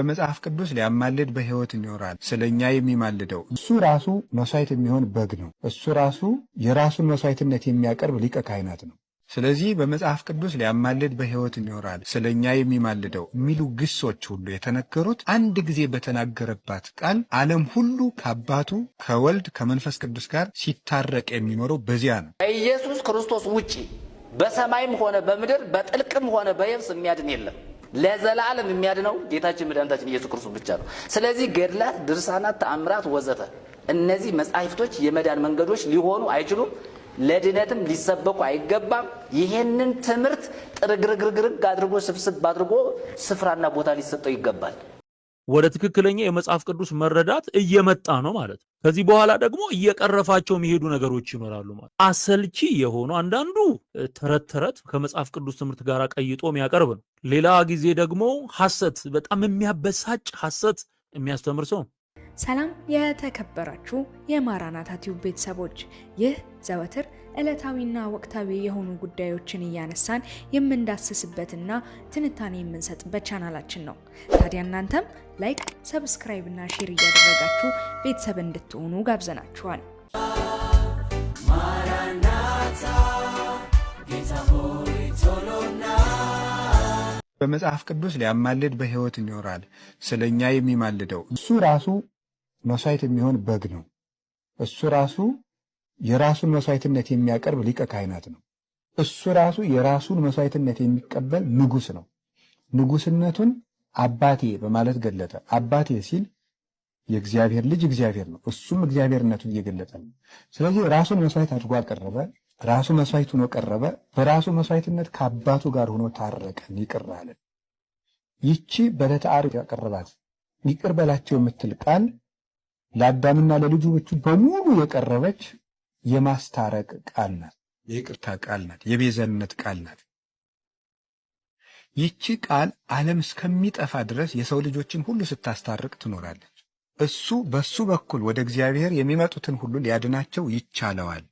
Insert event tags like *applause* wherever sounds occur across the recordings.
በመጽሐፍ ቅዱስ ሊያማልድ በሕይወት ይኖራል። ስለ እኛ የሚማልደው እሱ ራሱ መስዋዕት የሚሆን በግ ነው። እሱ ራሱ የራሱን መስዋዕትነት የሚያቀርብ ሊቀ ካህናት ነው። ስለዚህ በመጽሐፍ ቅዱስ ሊያማልድ በሕይወት ይኖራል ስለ እኛ የሚማልደው የሚሉ ግሶች ሁሉ የተነገሩት አንድ ጊዜ በተናገረባት ቃል ዓለም ሁሉ ከአባቱ ከወልድ ከመንፈስ ቅዱስ ጋር ሲታረቅ የሚኖረው በዚያ ነው። ከኢየሱስ ክርስቶስ ውጪ በሰማይም ሆነ በምድር በጥልቅም ሆነ በየብስ የሚያድን የለም። ለዘላለም የሚያድነው ጌታችን መድኃኒታችን ኢየሱስ ክርስቶስ ብቻ ነው። ስለዚህ ገድላት፣ ድርሳናት፣ ተአምራት ወዘተ እነዚህ መጻሕፍቶች የመዳን መንገዶች ሊሆኑ አይችሉም። ለድነትም ሊሰበኩ አይገባም። ይሄንን ትምህርት ጥርግርግርግርግ አድርጎ ስብስብ አድርጎ ስፍራና ቦታ ሊሰጠው ይገባል። ወደ ትክክለኛ የመጽሐፍ ቅዱስ መረዳት እየመጣ ነው ማለት ነው። ከዚህ በኋላ ደግሞ እየቀረፋቸው የሚሄዱ ነገሮች ይኖራሉ ማለት አሰልቺ የሆኑ አንዳንዱ ተረት ተረት ከመጽሐፍ ቅዱስ ትምህርት ጋር ቀይጦ የሚያቀርብ ነው። ሌላ ጊዜ ደግሞ ሐሰት፣ በጣም የሚያበሳጭ ሐሰት የሚያስተምር ሰው ሰላም የተከበራችሁ የማራናታ ቲዩብ ቤተሰቦች፣ ይህ ዘወትር ዕለታዊና ወቅታዊ የሆኑ ጉዳዮችን እያነሳን የምንዳስስበትና ትንታኔ የምንሰጥበት ቻናላችን ነው። ታዲያ እናንተም ላይክ፣ ሰብስክራይብ እና ሼር እያደረጋችሁ ቤተሰብ እንድትሆኑ ጋብዘናችኋል። በመጽሐፍ ቅዱስ ሊያማልድ በሕይወት ይኖራል እኛ የሚማልደው እሱ ራሱ መስዋዕት የሚሆን በግ ነው። እሱ ራሱ የራሱን መስዋዕትነት የሚያቀርብ ሊቀ ካህናት ነው። እሱ ራሱ የራሱን መስዋዕትነት የሚቀበል ንጉስ ነው። ንጉስነቱን አባቴ በማለት ገለጠ። አባቴ ሲል የእግዚአብሔር ልጅ እግዚአብሔር ነው። እሱም እግዚአብሔርነቱን እየገለጠ ነው። ስለዚህ ራሱን መስዋዕት አድርጎ አቀረበ። ራሱ መስዋዕት ሆኖ ቀረበ። በራሱ መስዋዕትነት ከአባቱ ጋር ሆኖ ታረቀ፣ ይቅር አለ። ይቺ በዕለተ ዓርብ ያቀረባት ይቅር በላቸው የምትል ቃል ለአዳምና ለልጆቹ በሙሉ የቀረበች የማስታረቅ ቃል ናት። የይቅርታ ቃል ናት። የቤዘነት ቃል ናት። ይቺ ቃል ዓለም እስከሚጠፋ ድረስ የሰው ልጆችን ሁሉ ስታስታርቅ ትኖራለች። እሱ በሱ በኩል ወደ እግዚአብሔር የሚመጡትን ሁሉ ሊያድናቸው ይቻለዋል።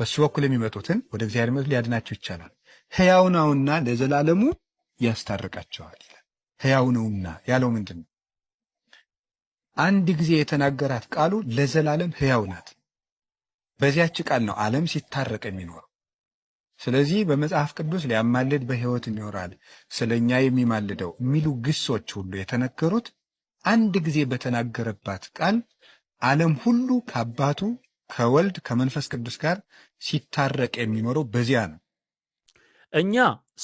በሱ በኩል የሚመጡትን ወደ እግዚአብሔር ሊያድናቸው ይቻላል። ሕያው ነውና ለዘላለሙ ያስታርቃቸዋል። ሕያው ነውና ያለው ምንድን ነው? አንድ ጊዜ የተናገራት ቃሉ ለዘላለም ሕያው ናት። በዚያች ቃል ነው ዓለም ሲታረቅ የሚኖረው። ስለዚህ በመጽሐፍ ቅዱስ ሊያማልድ በሕይወት ይኖራል፣ ስለ እኛ የሚማልደው የሚሉ ግሶች ሁሉ የተነገሩት አንድ ጊዜ በተናገረባት ቃል ዓለም ሁሉ ከአባቱ ከወልድ ከመንፈስ ቅዱስ ጋር ሲታረቅ የሚኖረው በዚያ ነው። እኛ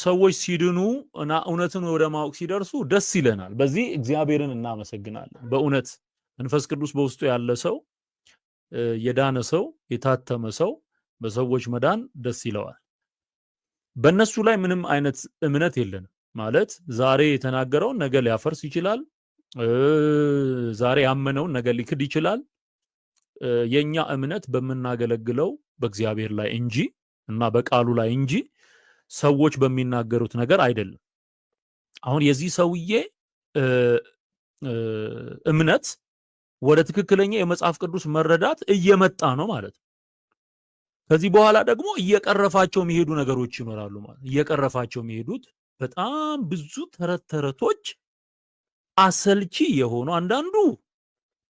ሰዎች ሲድኑ እና እውነትን ወደ ማወቅ ሲደርሱ ደስ ይለናል። በዚህ እግዚአብሔርን እናመሰግናለን። በእውነት መንፈስ ቅዱስ በውስጡ ያለ ሰው የዳነ ሰው የታተመ ሰው በሰዎች መዳን ደስ ይለዋል። በእነሱ ላይ ምንም አይነት እምነት የለንም። ማለት ዛሬ የተናገረውን ነገ ሊያፈርስ ይችላል። ዛሬ ያመነውን ነገ ሊክድ ይችላል። የኛ እምነት በምናገለግለው በእግዚአብሔር ላይ እንጂ እና በቃሉ ላይ እንጂ ሰዎች በሚናገሩት ነገር አይደለም። አሁን የዚህ ሰውዬ እምነት ወደ ትክክለኛ የመጽሐፍ ቅዱስ መረዳት እየመጣ ነው ማለት ነው። ከዚህ በኋላ ደግሞ እየቀረፋቸው የሚሄዱ ነገሮች ይኖራሉ ማለት እየቀረፋቸው የሚሄዱት በጣም ብዙ ተረት ተረቶች አሰልቺ የሆኑ አንዳንዱ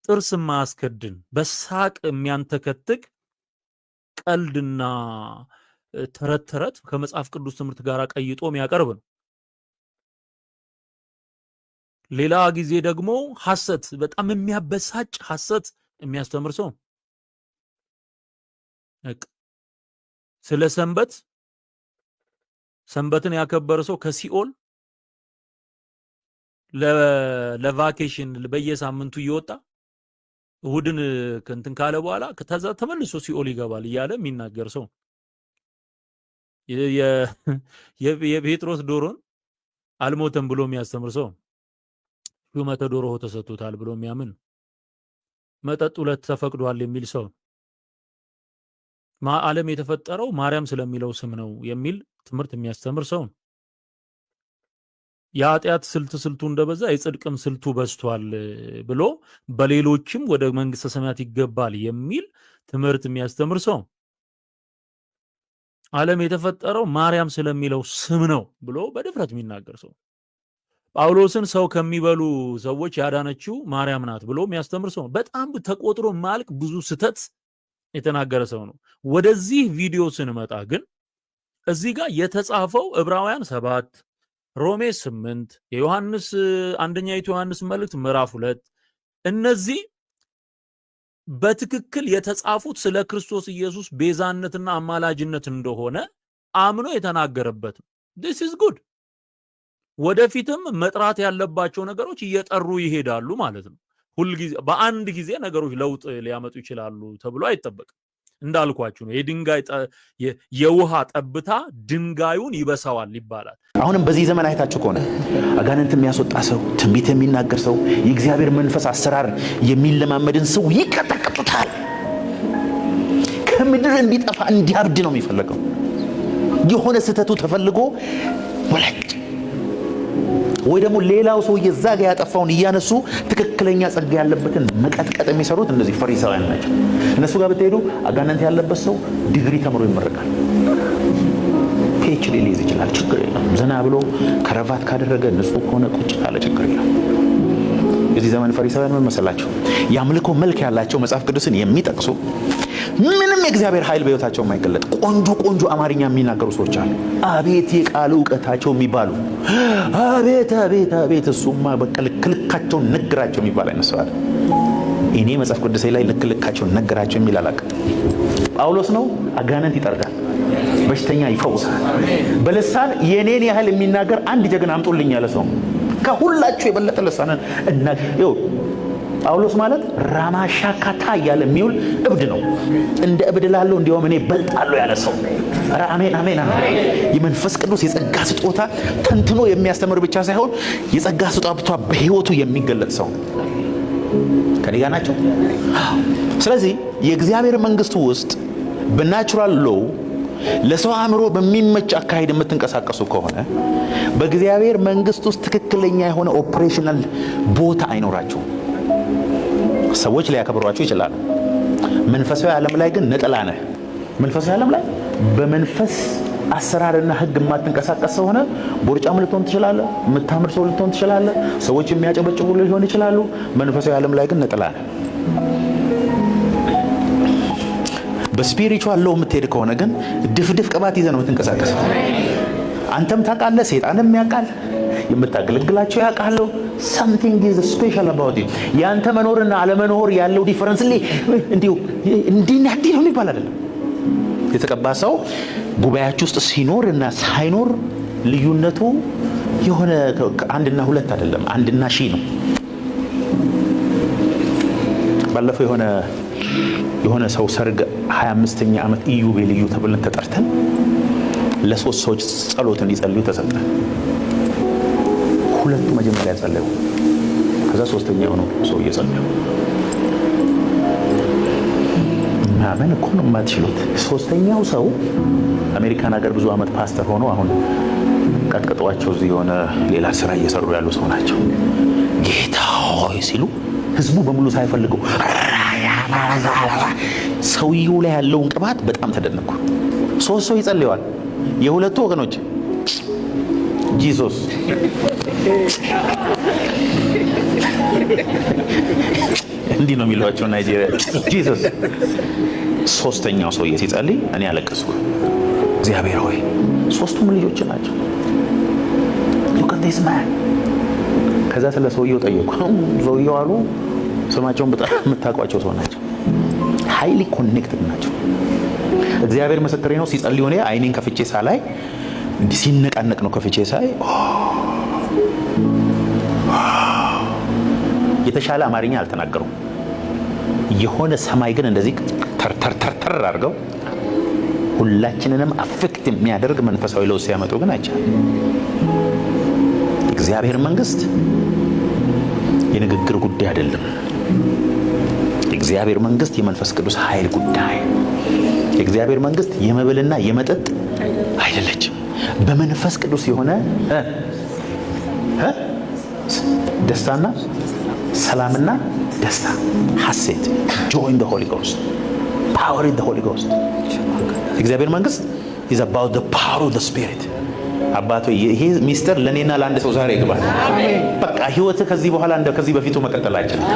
ጥርስ የማያስከድን በሳቅ የሚያንተከትቅ ቀልድና ተረት ተረት ከመጽሐፍ ቅዱስ ትምህርት ጋር ቀይጦ የሚያቀርብ ነው። ሌላ ጊዜ ደግሞ ሐሰት፣ በጣም የሚያበሳጭ ሐሰት የሚያስተምር ሰው ስለ ሰንበት ሰንበትን ያከበረ ሰው ከሲኦል ለቫኬሽን በየሳምንቱ እየወጣ እሁድን ከንትን ካለ በኋላ ተመልሶ ሲኦል ይገባል እያለ የሚናገር ሰው *laughs* የጴጥሮስ ዶሮን አልሞተም ብሎ የሚያስተምር ሰው ሹመተ ዶሮ ተሰጥቶታል ብሎ የሚያምን መጠጥ ሁለት ተፈቅዷል የሚል ሰው ዓለም የተፈጠረው ማርያም ስለሚለው ስም ነው የሚል ትምህርት የሚያስተምር ሰው የኃጢአት ስልት ስልቱ እንደበዛ የጽድቅም ስልቱ በዝቷል ብሎ በሌሎችም ወደ መንግስተ ሰማያት ይገባል የሚል ትምህርት የሚያስተምር ሰው ዓለም የተፈጠረው ማርያም ስለሚለው ስም ነው ብሎ በድፍረት የሚናገር ሰው ጳውሎስን ሰው ከሚበሉ ሰዎች ያዳነችው ማርያም ናት ብሎ የሚያስተምር ሰው ነው። በጣም ተቆጥሮ ማልቅ ብዙ ስተት የተናገረ ሰው ነው። ወደዚህ ቪዲዮ ስንመጣ ግን እዚህ ጋር የተጻፈው ዕብራውያን ሰባት ሮሜ ስምንት የዮሐንስ አንደኛይቱ ዮሐንስ መልእክት ምዕራፍ ሁለት እነዚህ በትክክል የተጻፉት ስለ ክርስቶስ ኢየሱስ ቤዛነትና አማላጅነት እንደሆነ አምኖ የተናገረበት ነው። ዲስ ኢዝ ጉድ። ወደፊትም መጥራት ያለባቸው ነገሮች እየጠሩ ይሄዳሉ ማለት ነው። ሁልጊዜ በአንድ ጊዜ ነገሮች ለውጥ ሊያመጡ ይችላሉ ተብሎ አይጠበቅም። እንዳልኳችሁ ነው። የድንጋይ የውሃ ጠብታ ድንጋዩን ይበሳዋል ይባላል። አሁንም በዚህ ዘመን አይታችሁ ከሆነ አጋንንት የሚያስወጣ ሰው፣ ትንቢት የሚናገር ሰው፣ የእግዚአብሔር መንፈስ አሰራር የሚለማመድን ሰው ይቀጠቅጡታል። ከምድር እንዲጠፋ እንዲያብድ ነው የሚፈለገው። የሆነ ስህተቱ ተፈልጎ ወላጭ ወይ ደግሞ ሌላው ሰውዬ እዛ ጋ ያጠፋውን እያነሱ ትክክለኛ ጸጋ ያለበትን መቀጥቀጥ የሚሰሩት እነዚህ ፈሪሳውያን ናቸው። እነሱ ጋር ብትሄዱ አጋንንት ያለበት ሰው ዲግሪ ተምሮ ይመረቃል። ፒኤችዲ ሊይዝ ይችላል። ችግር የለም። ዘና ብሎ ከረባት ካደረገ ንጹህ ከሆነ ቁጭ ካለ ችግር የለም። የዚህ ዘመን ፈሪሳውያን ምን መሰላቸው? የአምልኮ መልክ ያላቸው መጽሐፍ ቅዱስን የሚጠቅሱ ምንም የእግዚአብሔር ኃይል በሕይወታቸው የማይገለጥ ቆንጆ ቆንጆ አማርኛ የሚናገሩ ሰዎች አሉ። አቤት የቃሉ እውቀታቸው የሚባሉ አቤት አቤት አቤት እሱማ በቃ ልክልካቸው ነግራቸው የሚባል አይነት እኔ መጽሐፍ ቅዱሴ ላይ ልክልካቸው ነግራቸው የሚል አላውቅም። ጳውሎስ ነው አጋነት ይጠርጋል፣ በሽተኛ ይፈውሳል። በልሳን የኔን ያህል የሚናገር አንድ ጀግና አምጡልኝ ያለ ሰው ከሁላችሁ የበለጠ ልሳንን እና ጳውሎስ ማለት ካታ እያለ የሚውል እብድ ነው። እንደ እብድ ላለው እንዲያውም እኔ በልጣለሁ ያለ ሰው አሜን አሜን። የመንፈስ ቅዱስ የጸጋ ስጦታ ተንትኖ የሚያስተምር ብቻ ሳይሆን የጸጋ ስጦታ በህይወቱ የሚገለጥ ሰው ከኔ ጋር ናቸው። ስለዚህ የእግዚአብሔር መንግስት ውስጥ በናቹራል ሎው ለሰው አእምሮ በሚመች አካሄድ የምትንቀሳቀሱ ከሆነ በእግዚአብሔር መንግስት ውስጥ ትክክለኛ የሆነ ኦፕሬሽናል ቦታ አይኖራችሁም። ሰዎች ሊያከብሯችሁ ይችላሉ። መንፈሳዊ ዓለም ላይ ግን ነጠላ ነህ። መንፈሳዊ ዓለም ላይ በመንፈስ አሰራርና ህግ የማትንቀሳቀስ ሰሆነ ቦርጫም ልትሆን ትችላለ፣ የምታምር ሰው ልትሆን ትችላለህ። ሰዎች የሚያጨበጭቡ ሊሆን ይችላሉ። መንፈሳዊ ዓለም ላይ ግን ነጠላ ነህ። በስፒሪቹዋል ሎ የምትሄድ ከሆነ ግን ድፍድፍ ቅባት ይዘ ነው የምትንቀሳቀስ። አንተም ታውቃለህ፣ ሰይጣንም ያውቃል፣ የምታገለግላቸው ያውቃሉ። ሳምቲንግ ኢዝ ስፔሻል አባውት ዩ። የአንተ መኖርና አለመኖር ያለው ዲፈረንስ እንዲሁ እንዲና እንዲህ ነው የሚባል አይደለም። የተቀባ ሰው ጉባኤያችሁ ውስጥ ሲኖር እና ሳይኖር ልዩነቱ የሆነ አንድና ሁለት አይደለም፣ አንድና ሺህ ነው። ባለፈው የሆነ የሆነ ሰው ሰርግ 25ኛ ዓመት ኢዮቤልዩ ተብለን ተጠርተን ለሶስት ሰዎች ጸሎት እንዲጸልዩ ተሰጠ። ሁለቱ መጀመሪያ ጸለዩ። ከዛ ሶስተኛ የሆነው ሰው እየጸለዩ ማመን እኮ ነው የማትችሉት። ሶስተኛው ሰው አሜሪካን ሀገር ብዙ ዓመት ፓስተር ሆኖ አሁን ቀጥቅጠዋቸው እዚህ የሆነ ሌላ ስራ እየሰሩ ያሉ ሰው ናቸው። ጌታ ሆይ ሲሉ ህዝቡ በሙሉ ሳይፈልገው ሰውየው ላይ ያለውን ቅባት በጣም ተደነቅኩ። ሶስት ሰው ይጸልየዋል። የሁለቱ ወገኖች ጂሶስ እንዲህ ነው የሚሏቸው ናይጄሪያ። ጂሶስ ሶስተኛው ሰውዬ ሲጸልይ እኔ አለቀስኩ። እግዚአብሔር ሆይ ሶስቱም ልጆች ናቸው። ከዛ ስለ ሰውየው ጠየቁ። ሰውየው አሉ ስማቸውን በጣም የምታውቋቸው ሰው ናቸው። ሀይሊ ኮኔክትድ ናቸው። እግዚአብሔር ምስክሬ ነው። ሲጸልይ ሆኔ አይኔን ከፍቼ ሳላይ እንዲህ ሲነቃነቅ ነው ከፍቼ ሳይ የተሻለ አማርኛ አልተናገሩም። የሆነ ሰማይ ግን እንደዚህ ተርተርተርተር አድርገው ሁላችንንም አፌክት የሚያደርግ መንፈሳዊ ለውጥ ሲያመጡ ግን አይቻልም። እግዚአብሔር መንግስት የንግግር ጉዳይ አይደለም። የእግዚአብሔር መንግስት የመንፈስ ቅዱስ ኃይል ጉዳይ። የእግዚአብሔር መንግስት የመብልና የመጠጥ አይደለችም። በመንፈስ ቅዱስ የሆነ ደስታና ሰላምና ደስታ ሐሴት ጆይ ኢን ዘ ሆሊ ጎስት ፓወር ኢን ዘ ሆሊ ጎስት የእግዚአብሔር መንግስት ኢዝ አባውት ዘ ፓወር ኦፍ ዘ ስፒሪት አባቶ ይሄ ሚስጥር ለእኔና ለአንድ ሰው ዛሬ ይግባል። በቃ ህይወት ከዚህ በኋላ ከዚህ በፊቱ መቀጠል አይችልም።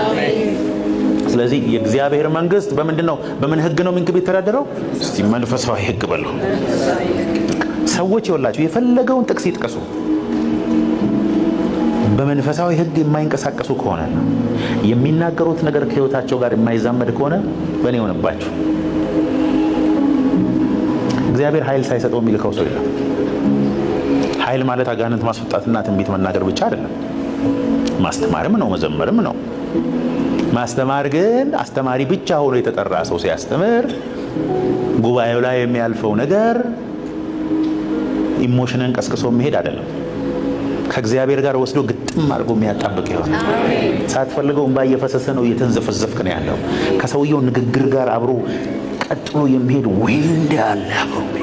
ስለዚህ የእግዚአብሔር መንግስት በምንድን ነው? በምን ህግ ነው ምንክብ የተዳደረው? እስቲ መንፈሳዊ ህግ በሉ። ሰዎች ይወላችሁ የፈለገውን ጥቅስ ይጥቀሱ፣ በመንፈሳዊ ህግ የማይንቀሳቀሱ ከሆነ የሚናገሩት ነገር ከህይወታቸው ጋር የማይዛመድ ከሆነ በእኔ የሆነባችሁ። እግዚአብሔር ኃይል ሳይሰጠው የሚልከው ሰው የለም። ኃይል ማለት አጋንንት ማስወጣትና ትንቢት መናገር ብቻ አይደለም፣ ማስተማርም ነው፣ መዘመርም ነው። ማስተማር ግን አስተማሪ ብቻ ሆኖ የተጠራ ሰው ሲያስተምር ጉባኤው ላይ የሚያልፈው ነገር ኢሞሽንን ቀስቅሶ መሄድ አይደለም። ከእግዚአብሔር ጋር ወስዶ ግጥም አድርጎ የሚያጣብቅ ይሆን። ሳትፈልገው እንባ እየፈሰሰ ነው፣ እየተንዘፈዘፍክ ነው ያለው። ከሰውየው ንግግር ጋር አብሮ ቀጥሎ የሚሄድ ወንድ አለ አብሮ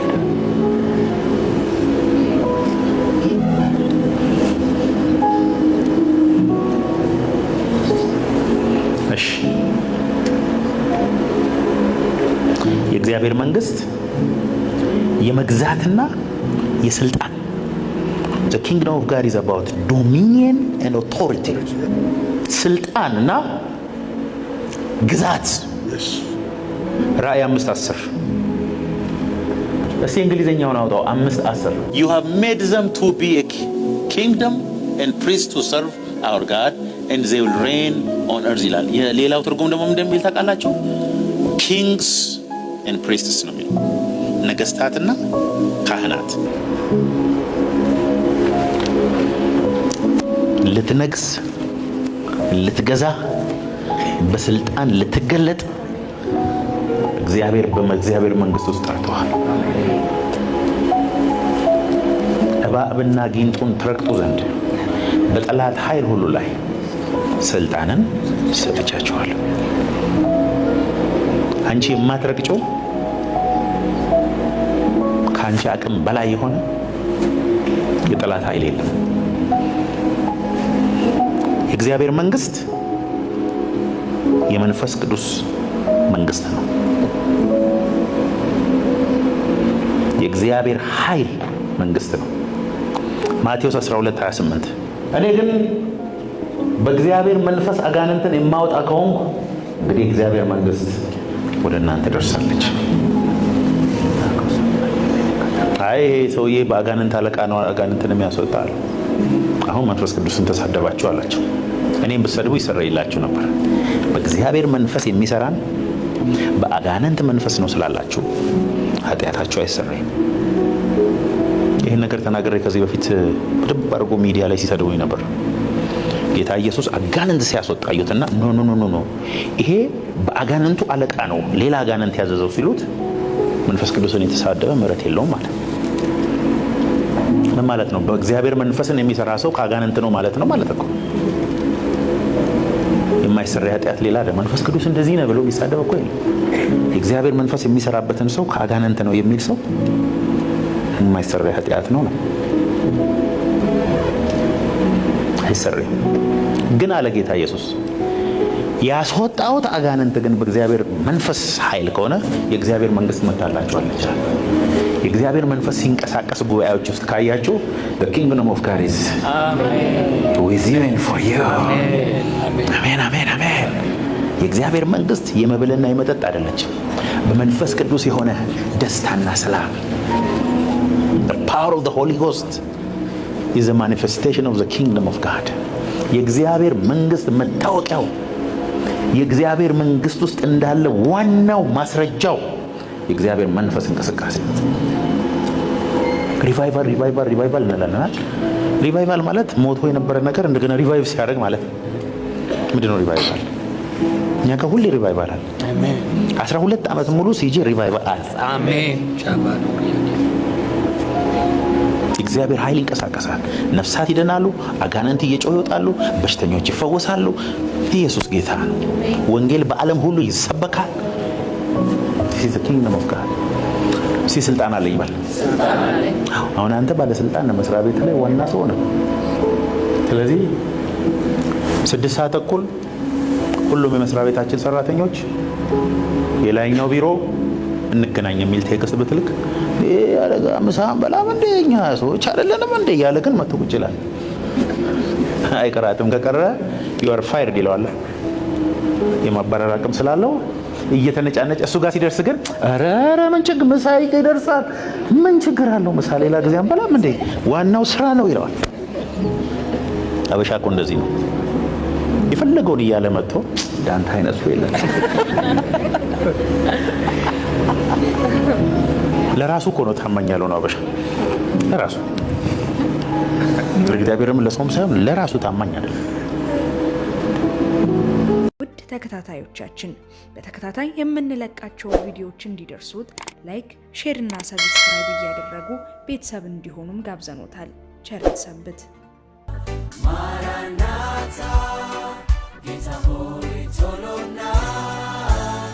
የስልጣን ዘ ኪንግደም ኦፍ ጋድ ኢዝ አባውት ዶሚኒየን ኤንድ ኦቶሪቲ ስልጣን እና ግዛት። ራእይ አምስት አስር እስቲ እንግሊዝኛውን አውጣው። አምስት አስር ዩ ሃቭ ሜድ ዘም ቱ ቢ ኤ ኪንግደም ኤንድ ፕሪስት ቱ ሰርቭ አወር ጋድ ኤንድ ዜይ ዊል ሬን ኦን እርዝ ይላል። የሌላው ትርጉም ደግሞ እንደሚል ታውቃላችሁ? ኪንግስ ኤንድ ፕሪስትስ ነው የሚለው ነገስታትና ካህናት ልትነግስ፣ ልትገዛ፣ በስልጣን ልትገለጥ እግዚአብሔር በእግዚአብሔር መንግስት ውስጥ ጠርተዋል። እባብና ጊንጡን ትረግጡ ዘንድ በጠላት ኃይል ሁሉ ላይ ስልጣንን ሰጥቻችኋለሁ። አንቺ የማትረግጪው ከአንቺ አቅም በላይ የሆነ የጠላት ኃይል የለም። የእግዚአብሔር መንግስት የመንፈስ ቅዱስ መንግስት ነው። የእግዚአብሔር ኃይል መንግስት ነው። ማቴዎስ 12 28 እኔ ግን በእግዚአብሔር መንፈስ አጋንንትን የማወጣ ከሆንኩ እንግዲህ እግዚአብሔር መንግስት ወደ እናንተ ደርሳለች። አይ ይሄ ሰውዬ በአጋንንት አለቃ ነው፣ አጋንንትን የሚያስወጣል። አሁን መንፈስ ቅዱስን ተሳደባችሁ አላቸው። እኔም ብትሰድቡ ይሰረይላችሁ ነበር። በእግዚአብሔር መንፈስ የሚሰራን በአጋንንት መንፈስ ነው ስላላችሁ ኃጢአታችሁ አይሰረይም። ይህን ነገር ተናግሬ ከዚህ በፊት በደንብ አድርጎ ሚዲያ ላይ ሲሰድቡኝ ነበር። ጌታ ኢየሱስ አጋንንት ሲያስወጣዩትና ኖ ኖ ኖ ኖ ይሄ በአጋንንቱ አለቃ ነው ሌላ አጋንንት ያዘዘው ሲሉት መንፈስ ቅዱስን የተሳደበ ምሕረት የለውም ማለት ማለት ነው። በእግዚአብሔር መንፈስን የሚሰራ ሰው ከአጋንንት ነው ማለት ነው ማለት ነው። የማይሰራ ኃጢአት ሌላ አይደለም። መንፈስ ቅዱስ እንደዚህ ነው ብሎ የሚሳደብ እኮ የለም። የእግዚአብሔር መንፈስ የሚሰራበትን ሰው ከአጋንንት ነው የሚል ሰው የማይሰራ ኃጢአት ነው ነው አይሰራም። ግን አለ ጌታ ኢየሱስ ያስወጣሁት አጋንንት ግን በእግዚአብሔር መንፈስ ኃይል ከሆነ የእግዚአብሔር መንግስት መታላችኋለች። የእግዚአብሔር መንፈስ ሲንቀሳቀስ ጉባኤዎች ውስጥ ካያችሁ ኪንግዶም ኦፍ ጋሪዝ የእግዚአብሔር መንግስት የመብልና የመጠጥ አይደለች በመንፈስ ቅዱስ የሆነ ደስታና ሰላም ፓወር ኦፍ ሆሊ ጎስት ኢዝ ማኒፌስቴሽን ኦፍ ኪንግዶም ኦፍ ጋድ የእግዚአብሔር መንግስት መታወቂያው የእግዚአብሔር መንግስት ውስጥ እንዳለ ዋናው ማስረጃው የእግዚአብሔር መንፈስ እንቅስቃሴ ሪቫይቫል ሪቫይቫል ሪቫይቫል እንላለናል። ሪቫይቫል ማለት ሞቶ የነበረ ነገር እንደገና ሪቫይቭ ሲያደርግ ማለት ነው። ምንድነው ሪቫይቫል? እኛ ጋር ሁሌ ሪቫይቫል አለ። አስራ ሁለት ዓመት ሙሉ ሲጂ ሪቫይቫል አለ። እግዚአብሔር ኃይል ይንቀሳቀሳል። ነፍሳት ይደናሉ፣ አጋነንት እየጮሁ ይወጣሉ፣ በሽተኞች ይፈወሳሉ። ኢየሱስ ጌታ ወንጌል በዓለም ሁሉ ይሰበካል። ሲዝ ኪንግደም ኦፍ ጋድ ሲ ስልጣን አለኝ ይባል። አሁን አንተ ባለስልጣን ነው፣ መስሪያ ቤት ላይ ዋና ሰው ነው። ስለዚህ ስድስት ሰዓት ተኩል ሁሉም የመስሪያ ቤታችን ሰራተኞች የላይኛው ቢሮ እንገናኝ የሚል ቴክስት ብትልክ ያደጋ ምሳን በላም እንደኛ ሰዎች አይደለንም እንደ እያለ ግን መጥቶ ቁጭ ይላል። አይቀራትም ከቀረ ዩአር ፋይርድ ይለዋል። የማባረር አቅም ስላለው እየተነጫነጨ እሱ ጋር ሲደርስ ግን ረረ ምን ችግር ምሳ ይደርሳል፣ ምን ችግር አለው ምሳ ሌላ ጊዜ አንበላም እንዴ ዋናው ስራ ነው ይለዋል። አበሻ እኮ እንደዚህ ነው። የፈለገውን እያለ መጥቶ ዳንተ አይነቱ ሰው የለም። ለራሱ እኮ ነው ታማኝ ነው አበሻ ለራሱ እግዚአብሔርም ለሰውም ሳይሆን ለራሱ ታማኝ አይደለም። ተከታታዮቻችን በተከታታይ የምንለቃቸው ቪዲዮዎች እንዲደርሱት ላይክ፣ ሼር እና ሰብስክራይብ እያደረጉ ቤተሰብ እንዲሆኑም ጋብዘኖታል። ቸር ሰንብት። ማራናታ ጌታ ሆይ ቶሎና